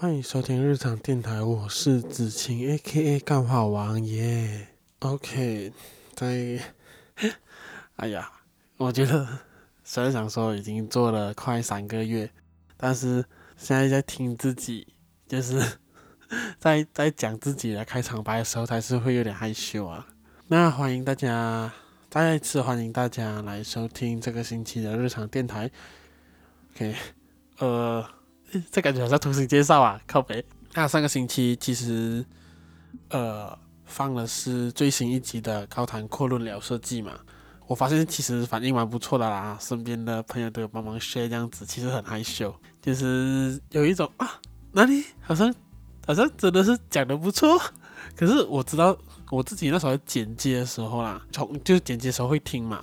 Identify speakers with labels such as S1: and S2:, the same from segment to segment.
S1: 歡迎收聽日常電台，我是子晴，AKA 幹話王爺。Yeah. OK，在哎呀，我覺得雖然想說已經做了快三個月，但是現在在聽自己，就是在在講自己的開場白的時候，還是會有點害羞啊。那歡迎大家再一次歡迎大家來收聽這個星期的日常電台。OK，呃。這感覺好像同行介紹啊，靠北。那上個星期其實，呃，放的是最新一集的《高談闊論聊設計》嘛。我發現其實反應蠻不錯的啦，身邊的朋友都有幫忙 share 這樣子，其實很害羞，就是有一種啊，哪裡好像好像真的是講得不錯。可是我知道我自己那時候剪接的時候啦，從就是、剪剪接的時候會聽嘛，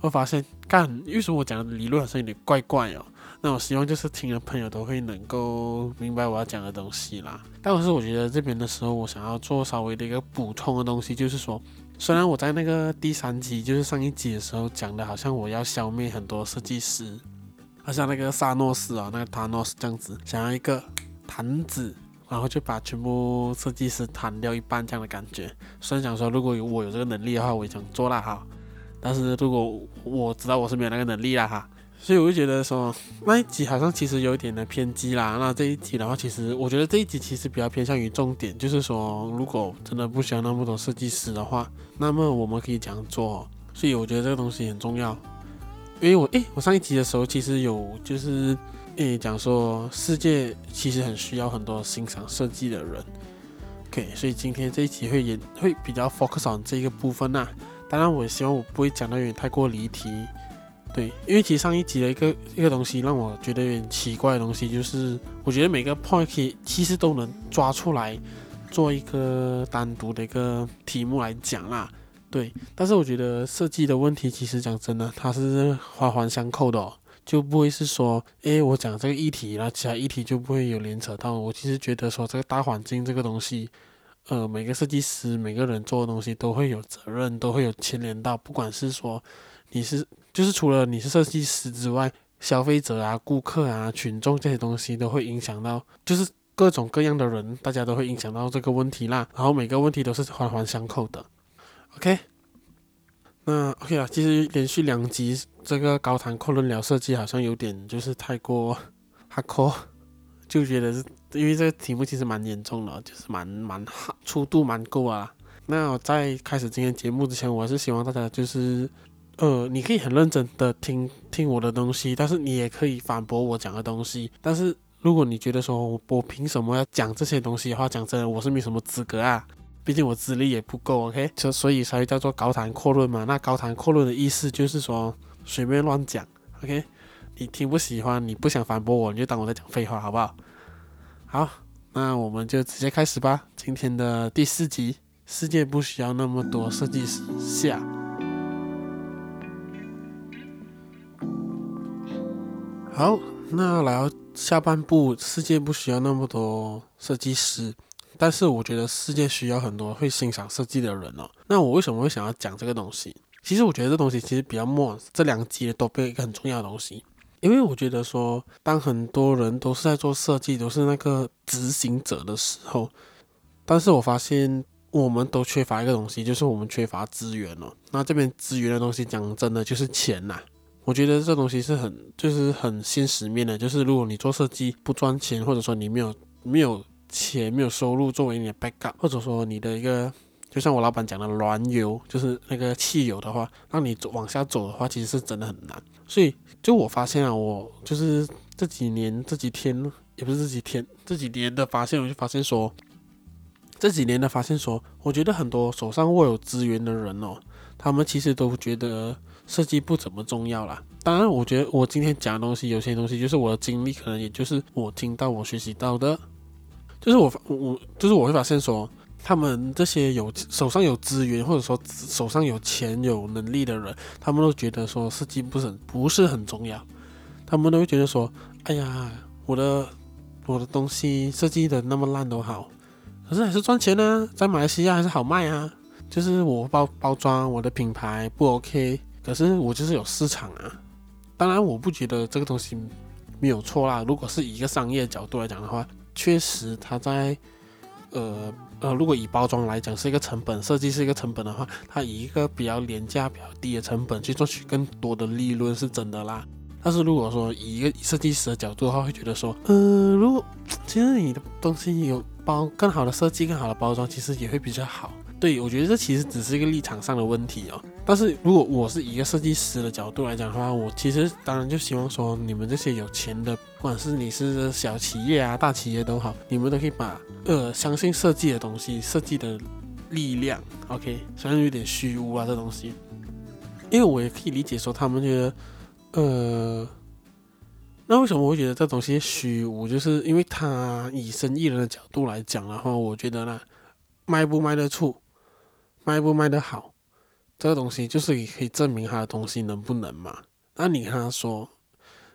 S1: 我發現幹，因為什麼我講的理論好像有點怪怪哦。那我希望就是聽的朋友都會能夠明白我要講的東西啦。但我是我覺得這邊的時候，我想要做稍微的一個補充的東西，就是說，雖然我在那個第三集，就是上一集的時候講的，好像我要消滅很多設計師，好像那個薩諾斯啊，那個塔諾斯這樣子，想要一個彈子，然後就把全部設計師彈掉一半這樣的感覺。雖然想說如果有我有這個能力的話，我也想做啦哈，但是如果我知道我是沒有那個能力啦哈。所以我就覺得說那一集好像其實有一點的偏激啦。那這一集的話，其實我覺得這一集其實比較偏向於重點，就是說如果真的不需要那麼多設計師的話，那麼我們可以這樣做。所以我覺得這個東西也很重要。因為我誒，我上一集的時候其實有就是誒講說世界其實很需要很多欣賞設計的人。OK，所以今天這一集會也會比較 focus on 這個部分啦、啊，當然，我希望我不會講的有點太過離題。對，因為其實上一集的一個一個東西讓我覺得有點奇怪的東西，就是我覺得每個 point 其實都能抓出來做一個單獨的一個題目來講啦。對，但是我覺得設計的問題，其實講真的，它是環環相扣的哦，就不會是說，誒，我講這個議題，然後其他議題就不會有連扯到。我其實覺得說這個大環境這個東西，呃，每個設計師每個人做的東西都會有責任，都會有牽連到，不管是說你是。就是除了你是設計師之外，消費者啊、顧客啊、群眾這些東西都會影響到，就是各種各樣的人，大家都會影響到這個問題啦。然後每個問題都是環環相扣的。OK，那 OK 啊，其實連續兩集這個高談闊論聊設計好像有點就是太過哈扣，就覺得是因為這個題目其實蠻嚴重的，就是蠻蠻哈粗度蠻夠啊。那我在開始今天節目之前，我還是希望大家就是。呃，你可以很認真的聽聽我的東西，但是你也可以反駁我講的東西。但是如果你覺得說我，我憑什麼要講這些東西的話，講真的，我是沒什麼資格啊，畢竟我資歷也不夠。OK，所以才會叫做高談闊論嘛。那高談闊論的意思就是說隨便亂講。OK，你聽不喜歡，你不想反駁我，你就當我在講廢話，好不好？好，那我們就直接開始吧，今天的第四集，世界不需要那麼多設計師下。好，那來到下半部，世界不需要那麼多設計師，但是我覺得世界需要很多會欣賞設計的人哦。那我為什麼會想要講這個東西？其實我覺得這東西其實比較末，這兩集都被一個很重要的東西，因為我覺得說，當很多人都是在做設計，都是那個執行者的時候，但是我發現我們都缺乏一個東西，就是我們缺乏資源哦。那這邊資源的東西，講真的就是錢吶啊。我覺得這東西是很，就是很現實面的。就是如果你做設計不賺錢，或者說你沒有沒有錢，沒有收入作為你的 backup，或者說你的一個，就像我老板講的“燃油”，就是那個汽油的話，讓你走往下走的話，其實是真的很難。所以，就我發現了，我就是這幾年、這幾天，也不是這幾天，這幾年的發現，我就發現說，這幾年的發現說，我覺得很多手上握有資源的人哦，他們其實都覺得。設計不怎麼重要啦，當然，我覺得我今天講的東西，有些東西就是我的經歷，可能也就是我聽到、我學習到的。就是我，我就是我會發現說，他們這些有手上有資源或者說手上有錢、有能力的人，他們都覺得說設計不是不是很重要。他們都會覺得說，哎呀，我的我的東西設計的那麼爛都好，可是還是賺錢呢、啊，在馬來西亞還是好賣啊。就是我包包裝，我的品牌不 OK。可是我就是有市場啊，當然我不覺得這個東西沒有錯啦。如果是以一個商業角度來講的話，確實它在呃呃，如果以包裝來講是一個成本，設計是一個成本的話，它以一個比較廉價、比較低的成本去賺取更多的利潤是真的啦。但是如果說以一個設計師的角度的話，會覺得說，呃，如果其實你的東西有包更好的設計、更好的包裝，其實也會比較好。對，我覺得這其實只是一個立場上的問題哦。但是如果我是以一個設計師的角度來講的話，我其實當然就希望說，你們這些有錢的，不管是你是小企業啊、大企業都好，你們都可以把呃，相信設計的東西、設計的力量，OK，雖然有點虛無啊，這東西。因為我也可以理解說，他們覺得，呃，那為什麼我會覺得這東西虛無？就是因為他以生意人的角度來講的話，我覺得呢，賣不賣得出？賣不賣得好，這個東西就是可以證明他的東西能不能嘛？那你跟他說，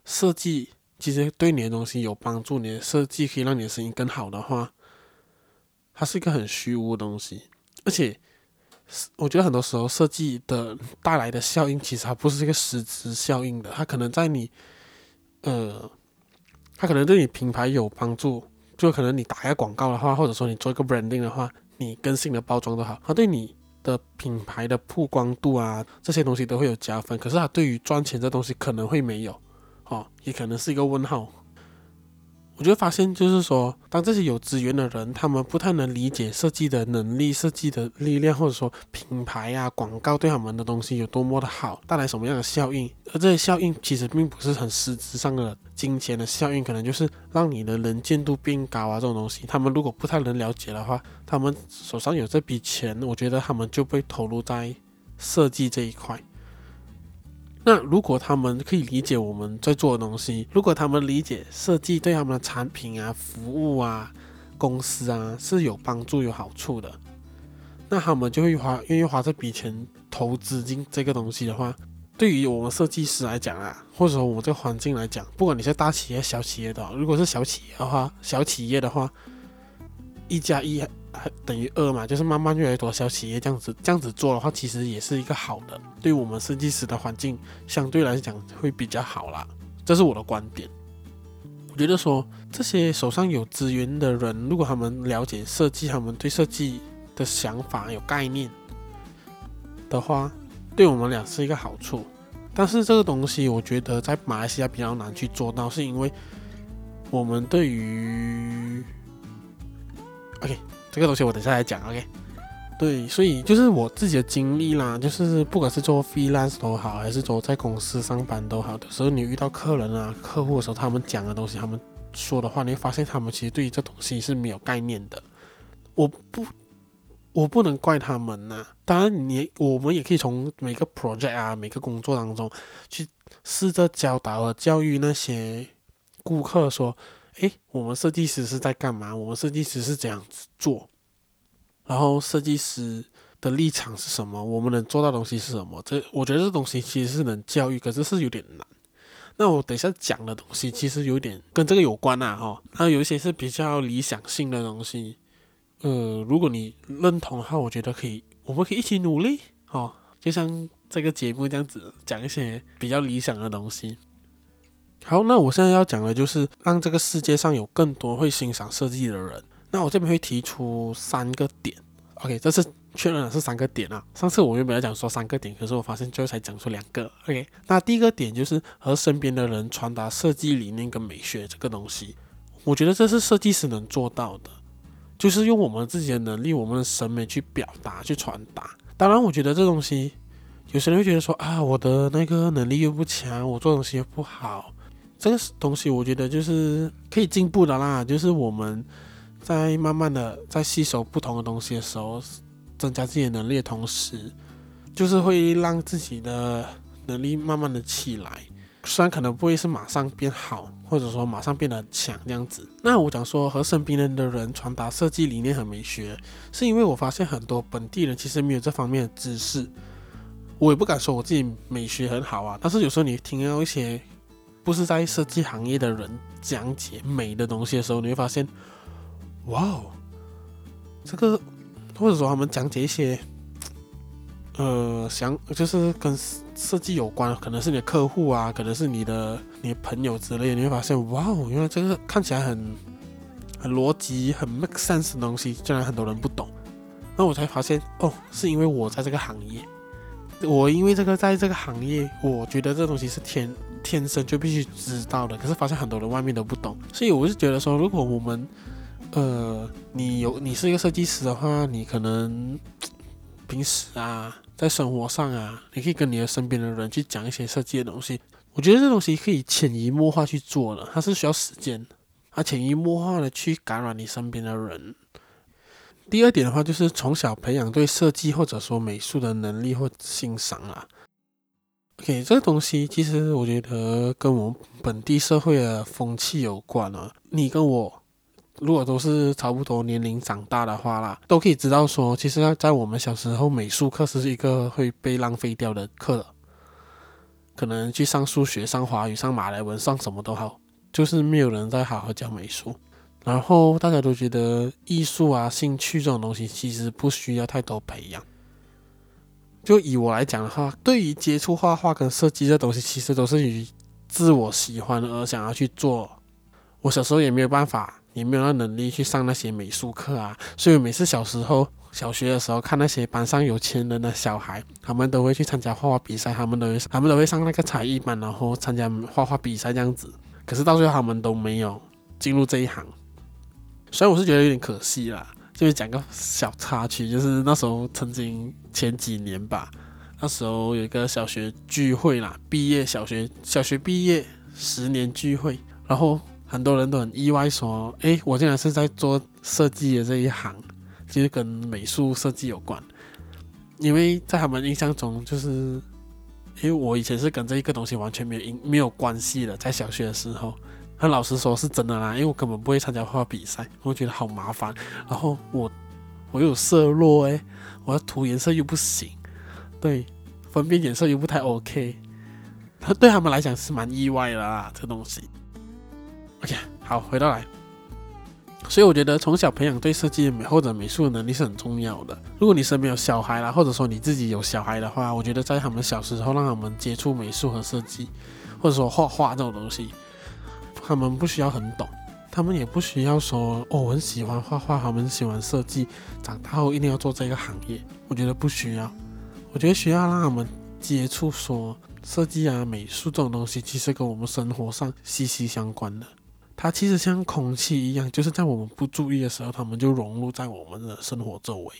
S1: 設計其實對你的東西有幫助，你的設計可以讓你的聲音更好的話，它是一個很虛無的東西。而且，我覺得很多時候設計的帶來的效應其實它不是一個實質效應的，它可能在你呃，它可能對你品牌有幫助，就可能你打一個廣告的話，或者說你做一個 branding 的話，你更新的包裝都好，它對你的品牌的曝光度啊，這些東西都會有加分，可是他對於賺錢這東西可能會沒有，哦，也可能是一個問號。我就發現，就是說，當這些有資源的人，他們不太能理解設計的能力、設計的力量，或者說品牌啊、廣告對他們的東西有多麼的好，帶來什麼樣的效應。而這些效應其實並不是很實質上的金錢的效應，可能就是讓你的能見度變高啊，這種東西。他們如果不太能了解的話，他們手上有這筆錢，我覺得他們就被投入在設計這一塊。那如果他們可以理解我們在做的東西，如果他們理解設計對他們的產品啊、服務啊、公司啊是有幫助、有好處的，那他們就會花願意花這筆錢投資進這個東西的話，對於我們設計師來講啊，或者說我們這個環境來講，不管你是大企業、小企業的，如果是小企業的話，小企業的話，一加一。還等於二嘛，就是慢慢越來越多小企業這樣子這樣子做的話，其實也是一個好的，對我們設計師的環境相對來講會比較好啦。這是我的觀點。我覺得說這些手上有資源的人，如果他們了解設計，他們對設計的想法有概念的話，對我們倆是一個好處。但是這個東西我覺得在馬來西亞比較難去做到，是因為我們對於，OK。這個東西我等下來講，OK？對，所以就是我自己的經歷啦，就是不管是做 freelance 都好，還是做在公司上班都好，的時候你遇到客人啊、客戶的時候，他們講的東西，他們說的話，你會發現他們其實對於這東西是沒有概念的。我不，我不能怪他們吶。當然你，你我們也可以從每個 project 啊、每個工作當中去試着教導和教育那些顧客說。誒，我們設計師是在幹嘛？我們設計師是怎樣子做？然後設計師的立場是什麼？我們能做到的東西是什麼？這我覺得這東西其實是能教育，可是是有點難。那我等一下講的東西其實有點跟這個有關啊。哦，那、啊、有一些是比較理想性的東西，呃，如果你認同的話，我覺得可以，我們可以一起努力，哦，就像這個節目這樣子講一些比較理想的東西。好，那我現在要講的就是讓這個世界上有更多會欣賞設計的人。那我這邊會提出三個點，OK，這次確認了是三個點啊。上次我原本要講說三個點，可是我發現最後才講出兩個，OK。那第一個點就是和身邊的人傳達設計理念跟美學這個東西，我覺得這是設計師能做到的，就是用我們自己的能力、我們的審美去表達、去傳達。當然，我覺得這東西有些人會覺得說啊，我的那個能力又不強，我做東西又不好。這個東西我覺得就是可以進步的啦，就是我們在慢慢的在吸收不同的東西的時候，增加自己的能力的同時，就是會讓自己的能力慢慢的起來。雖然可能不會是馬上變好，或者說馬上變得強這樣子。那我講說和身邊的人傳達設計理念和美學，是因為我發現很多本地人其實沒有這方面的知識。我也不敢說我自己美學很好啊，但是有時候你聽到一些。不是在設計行業的人講解美的東西的時候，你會發現，哇哦，這個或者說他們講解一些，呃，想就是跟設計有關，可能是你的客戶啊，可能是你的你的朋友之類的，你會發現，哇哦，原來這個看起來很很邏輯、很 make sense 的東西，竟然很多人不懂。那我才發現，哦，是因為我在這個行業，我因為這個在這個行業，我覺得這東西是天。天生就必須知道的，可是發現很多人外面都不懂，所以我是覺得說，如果我們，呃，你有你是一個設計師的話，你可能平時啊，在生活上啊，你可以跟你的身邊的人去講一些設計的東西。我覺得這東西可以潛移默化去做的，它是需要時間，它潛移默化的去感染你身邊的人。第二點的話，就是從小培養對設計或者說美術的能力或欣賞啊。給、okay, 這個東西，其實我覺得跟我們本地社會的風氣有關了、啊、你跟我，如果都是差不多年齡長大的話啦，都可以知道說，其實在我們小時候，美術課是一個會被浪費掉的課的。可能去上數學、上華語、上馬來文、上什麼都好，就是沒有人再好好教美術。然後大家都覺得藝術啊、興趣這種東西，其實不需要太多培養。就以我來講的話，對於接觸畫畫跟設計這東西，其實都是與自我喜歡而想要去做。我小時候也沒有辦法，也沒有那能力去上那些美術課啊。所以我每次小時候小學的時候，看那些班上有錢人的小孩，他們都會去參加畫畫比賽，他們都會他們都會上那個才藝班，然後參加畫畫比賽這樣子。可是到最後他們都沒有進入這一行，所以我是覺得有點可惜啦。就是講個小插曲，就是那時候曾經前幾年吧，那時候有一個小學聚會啦，畢業小學小學畢業十年聚會，然後很多人都很意外說：“誒，我竟然是在做設計的這一行，就是跟美術設計有關。”因為在他們印象中，就是因為我以前是跟這一個東西完全沒有沒有關係的，在小學的時候。他老實說是真的啦，因為我根本不會參加畫畫比賽，我覺得好麻煩。然後我，我有色弱誒、欸，我要塗顏色又不行，對，分辨顏色又不太 OK。那對他們來講是蠻意外的啦，這東西。OK，好，回到來，所以我覺得從小培養對設計美或者美術的能力是很重要的。如果你身邊有小孩啦，或者說你自己有小孩的話，我覺得在他們小時候讓他們接觸美術和設計，或者說畫畫這種東西。他們不需要很懂，他們也不需要說哦，我很喜歡畫畫，他們喜歡設計，長大後一定要做這個行業。我覺得不需要，我覺得需要讓他們接觸說設計啊、美術這種東西，其實跟我們生活上息息相關的。它其實像空氣一樣，就是在我們不注意的時候，他們就融入在我們的生活周圍。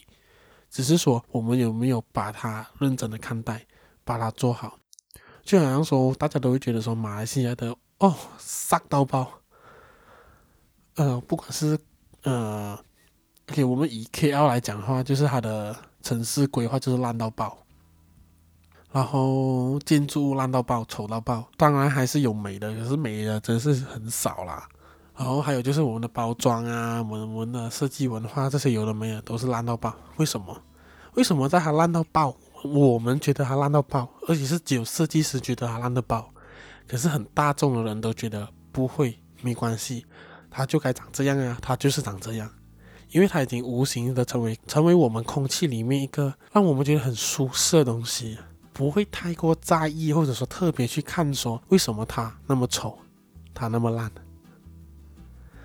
S1: 只是說我們有沒有把它認真的看待，把它做好。就好像說大家都會覺得說馬來西亞的。哦，爛、oh, 到爆！呃，不管是呃，給、okay, 我們以 KL 來講的話，就是它的城市規劃就是爛到爆，然後建築物爛到爆，醜到爆。當然還是有美的，可是美的真的是很少啦。然後還有就是我們的包裝啊，我們，我們的設計文化這些有的沒的，都是爛到爆。為什麼？為什麼在它爛到爆，我們覺得它爛到爆，而且是只有設計師覺得它爛到爆？可是很大眾的人都覺得不會，沒關係，它就該長這樣啊，它就是長這樣，因為它已經無形的成為成為我們空氣裡面一個讓我們覺得很舒適的東西，不會太過在意或者說特別去看說為什麼它那麼醜，它那麼爛。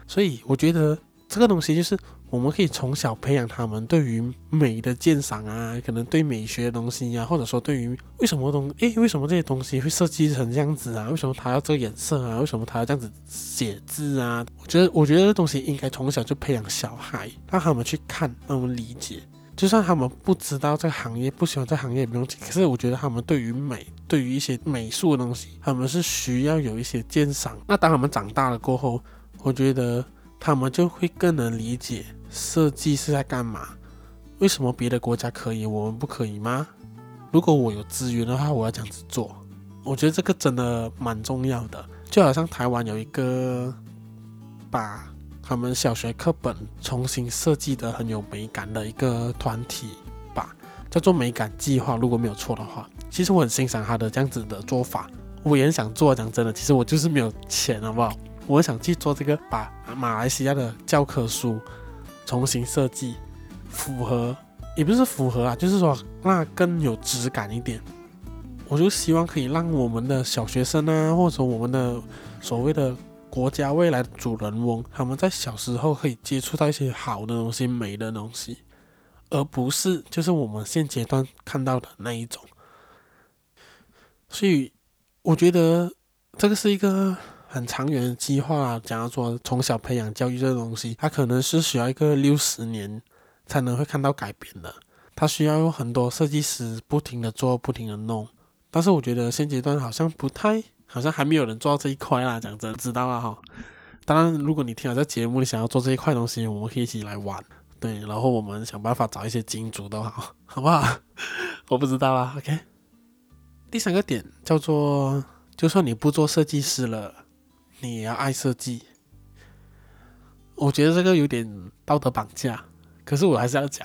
S1: 所以我覺得這個東西就是。我們可以從小培養他們對於美的鑑賞啊，可能對美學的東西呀、啊，或者說對於為什麼東誒，為什麼這些東西會設計成這樣子啊，為什麼他要這個顏色啊，為什麼他要這樣子寫字啊？我覺得，我覺得這東西應該從小就培養小孩，讓他們去看，讓他們理解。就算他們不知道這個行業，不喜歡這個行業，不用。可是我覺得他們對於美，對於一些美術的東西，他們是需要有一些鑑賞。那當他們長大了過後，我覺得。他們就會更能理解設計是在幹嘛。為什麼別的國家可以，我們不可以嗎？如果我有資源的話，我要這樣子做。我覺得這個真的蠻重要的。就好像台灣有一個把他們小學課本重新設計得很有美感的一個團體吧，叫做美感計劃，如果沒有錯的話。其實我很欣賞他的這樣子的做法，我也很想做啊。講真的，其實我就是沒有錢，好不好？我想去做這個，把馬來西亞的教科書重新設計，符合也不是符合啊，就是說那更有質感一點。我就希望可以讓我們的小學生啊，或者我們的所謂的國家未來的主人翁，他們在小時候可以接觸到一些好的東西、美的東西，而不是就是我們現階段看到的那一種。所以，我覺得這個是一個。很長遠的計劃啊，講來說，從小培養教育這東西，它可能是需要一個六十年才能會看到改變的。它需要有很多設計師不停的做，不停的弄。但是我覺得現階段好像不太，好像還沒有人做到這一塊啦。講真，知道了哈。當然，如果你聽了在節目裡想要做這一塊東西，我們可以一起來玩，對。然後我們想辦法找一些金主都好，好不好？我不知道啦。OK。第三個點叫做，就算你不做設計師了，你也要愛設計，我覺得這個有點道德綁架，可是我還是要講。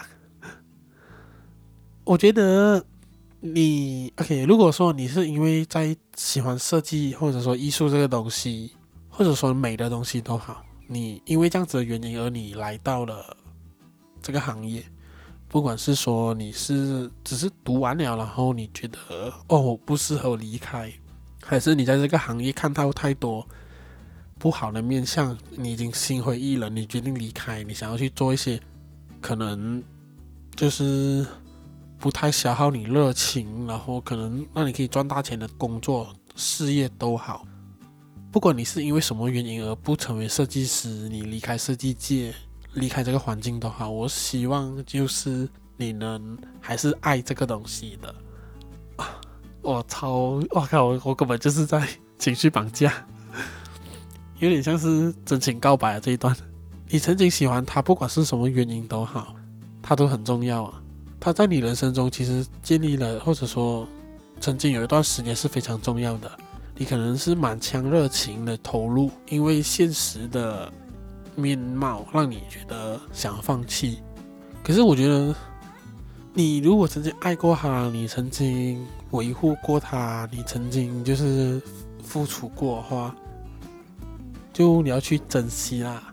S1: 我覺得你 OK，如果說你是因為在喜歡設計，或者說藝術這個東西，或者說美的東西都好，你因為這樣子的原因而你來到了這個行業，不管是說你是只是讀完了，然後你覺得哦不適合離開，還是你在這個行業看到太多。不好的面相，你已經心灰意冷，你決定離開，你想要去做一些可能就是不太消耗你熱情，然後可能讓你可以賺大錢的工作、事業都好。不管你是因為什麼原因而不成為設計師，你離開設計界、離開這個環境的話，我希望就是你能還是愛這個東西的啊！我操，我靠，我根本就是在情緒綁架。有點像是真情告白的這一段，你曾經喜歡他，不管是什麼原因都好，他都很重要啊。他在你人生中其實建立了，或者說曾經有一段時間是非常重要的。你可能是滿腔熱情的投入，因為現實的面貌讓你覺得想放棄。可是我覺得，你如果曾經愛過他，你曾經維護過他，你曾經就是付出過的話。就你要去珍惜啦，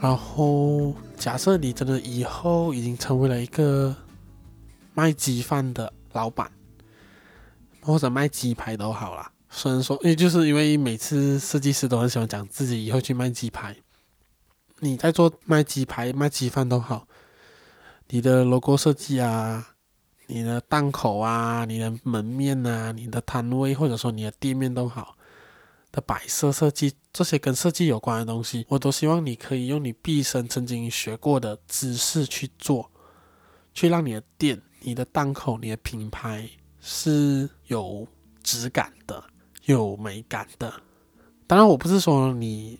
S1: 然後假設你真的以後已經成為了一個賣雞飯的老闆，或者賣雞排都好啦，雖然說，也就是因為每次設計師都很喜歡講自己以後去賣雞排，你在做賣雞排、賣雞飯都好，你的 logo 設計啊，你的檔口啊，你的門面吶、啊，你的攤位或者說你的店面都好。的擺設設計，這些跟設計有關的東西，我都希望你可以用你畢生曾經學過的知識去做，去讓你的店、你的檔口、你的品牌是有質感的、有美感的。當然，我不是說你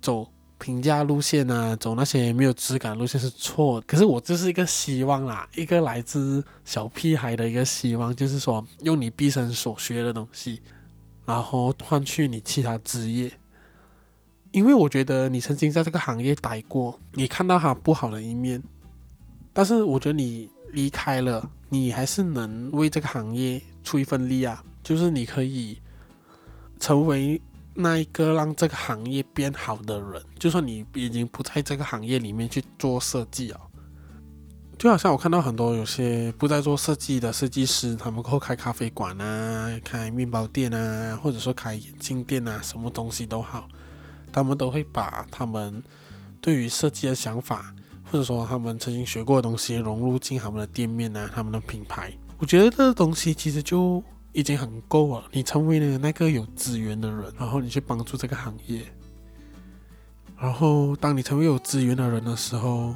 S1: 走平價路線啊，走那些沒有質感路線是錯的。可是，我就是一個希望啦、啊，一個來自小屁孩的一個希望，就是說用你畢生所學的東西。然後換去你其他職業，因為我覺得你曾經在這個行業待過，你看到他不好的一面，但是我覺得你離開了，你還是能為這個行業出一份力啊。就是你可以成為那一個讓這個行業變好的人，就算你已經不在這個行業裡面去做設計啊。就好像我看到很多有些不再做設計的設計師，他們會開咖啡館啊，開麵包店啊，或者說開眼鏡店啊，什麼東西都好，他們都會把他們對於設計的想法，或者說他們曾經學過的東西融入進他們的店面啊，他們的品牌。我覺得這個東西其實就已經很夠了。你成為了那個有資源的人，然後你去幫助這個行業，然後當你成為有資源的人的時候。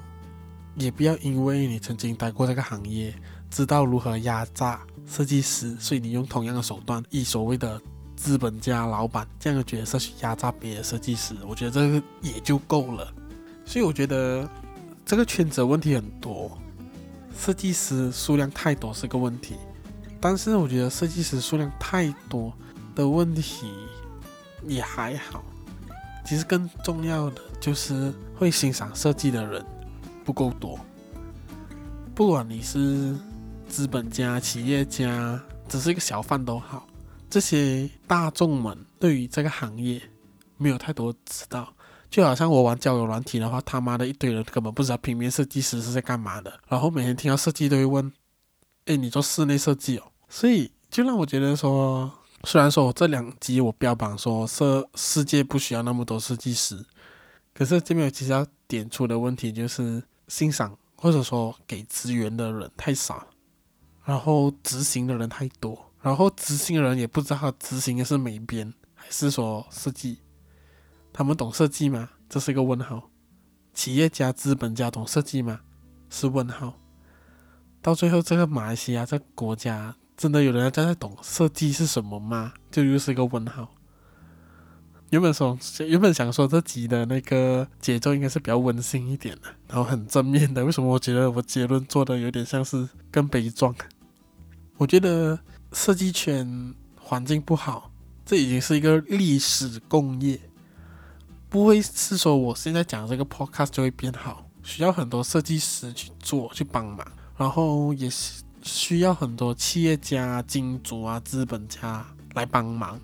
S1: 也不要因為你曾經待過這個行業，知道如何壓榨設計師，所以你用同樣的手段以所謂的資本家、老闆這樣的角色去壓榨別的設計師，我覺得這個也就夠了。所以我覺得這個圈子的問題很多，設計師數量太多是個問題，但是我覺得設計師數量太多的問題也還好。其實更重要的就是會欣賞設計的人，不夠多。不管你是資本家、企業家，只是一個小販都好，這些大眾們對於這個行業沒有太多知道。就好像我玩交友軟體的話，他媽的一堆人根本不知道平面設計師是在幹嘛的。然後每天聽到設計都會問：“誒，你做室內設計哦？”所以就讓我覺得說，雖然說我這兩集我標榜說設世界不需要那麼多設計師，可是這邊有其實要點出的問題就是。欣賞或者說給資源的人太少，然後執行的人太多，然後執行的人也不知道執行的是美編還是說設計，他們懂設計嗎？這是一個問號。企業家、資本家懂設計嗎？是問號。到最後，這個馬來西亞這個國家真的有人站在，在懂設計是什麼嗎？就又是一個問號。原本說，原本想說這集的那個節奏應該是比較溫馨一點的，然後很正面的。為什麼我覺得我結論做的有點像是更悲壯？我覺得設計圈環境不好，這已經是一個歷史共業，不會是說我現在講這個 podcast 就會變好，需要很多設計師去做，去幫忙，然後也是需要很多企業家、金主啊、資本家來幫忙。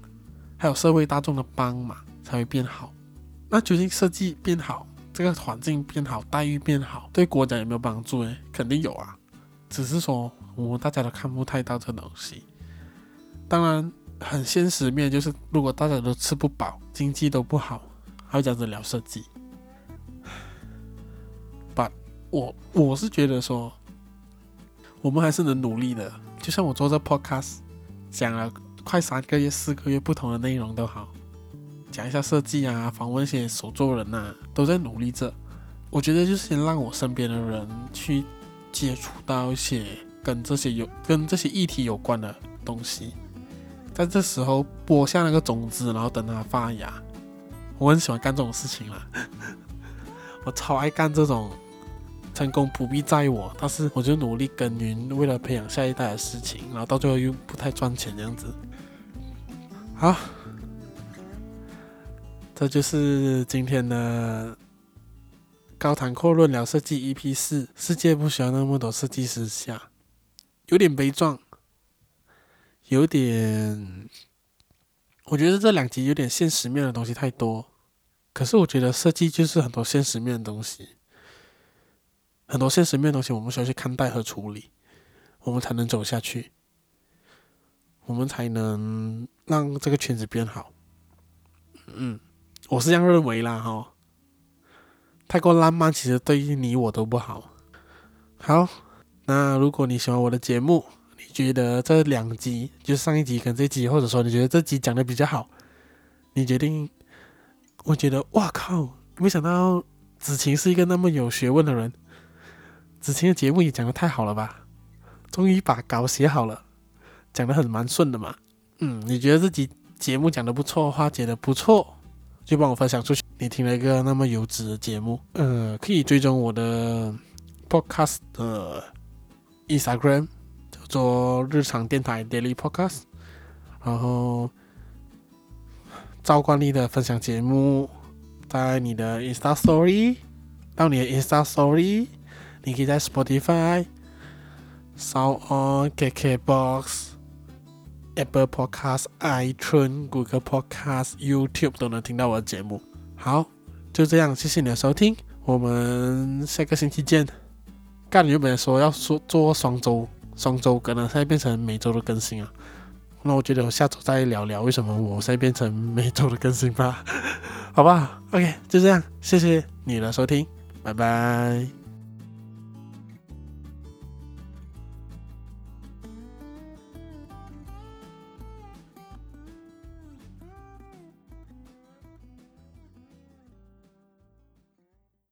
S1: 還有社會大眾的幫忙才會變好。那究竟設計變好，這個環境變好，待遇變好，對國家有沒有幫助呢？肯定有啊。只是說我們大家都看不太到這東西。當然，很現實面就是，如果大家都吃不飽，經濟都不好，還要講着聊設計。But，我我是覺得說，我們還是能努力的。就像我做這個 podcast 講了。快三個月、四個月，不同的內容都好，講一下設計啊，訪問一些手作人吶、啊，都在努力着。我覺得就是先讓我身邊的人去接觸到一些跟這些有、跟這些議題有關的東西，在這時候播下那個種子，然後等它發芽。我很喜歡幹這種事情啦。 我超愛幹這種，成功不必在我，但是我就努力耕耘，為了培養下一代的事情，然後到最後又不太賺錢這樣子。好，這就是今天的高談闊論聊設計 EP 四，世界不需要那麼多設計師，下，有點悲壯，有點。我覺得這兩集有點現實面的東西太多，可是我覺得設計就是很多現實面的東西，很多現實面的東西我們需要去看待和處理，我們才能走下去。我們才能讓這個圈子變好，嗯，我是這樣認為啦，哈。太過浪漫其實對於你我都不好。好，那如果你喜歡我的節目，你覺得這兩集就是上一集跟這一集，或者說你覺得這集講的比較好，你決定。我覺得，哇靠，沒想到子晴是一個那麼有學問的人。子晴的節目也講的太好了吧？終於把稿寫好了。講得很蠻順的嘛，嗯，你覺得自己節目講得不錯的話，覺得不錯，就幫我分享出去。你聽了一個那麼優質的節目，呃，可以追蹤我的 podcast 的 Instagram，叫做日常電台 Daily Podcast。然後，照慣例的分享節目，在你的 Insta Story，到你的 Insta Story，你可以在 Spotify、SoundOn、KKBOX。Apple Podcast、iTunes、Google Podcast、YouTube 都能聽到我的節目。好，就這樣，謝謝你的收聽，我們下個星期見。幹，你又沒有說要說做雙週，雙週可能現在變成每週都更新啊。那我覺得我下週再聊聊為什麼我現在變成每週的更新吧，好吧？OK，就這樣，謝謝你的收聽，拜拜。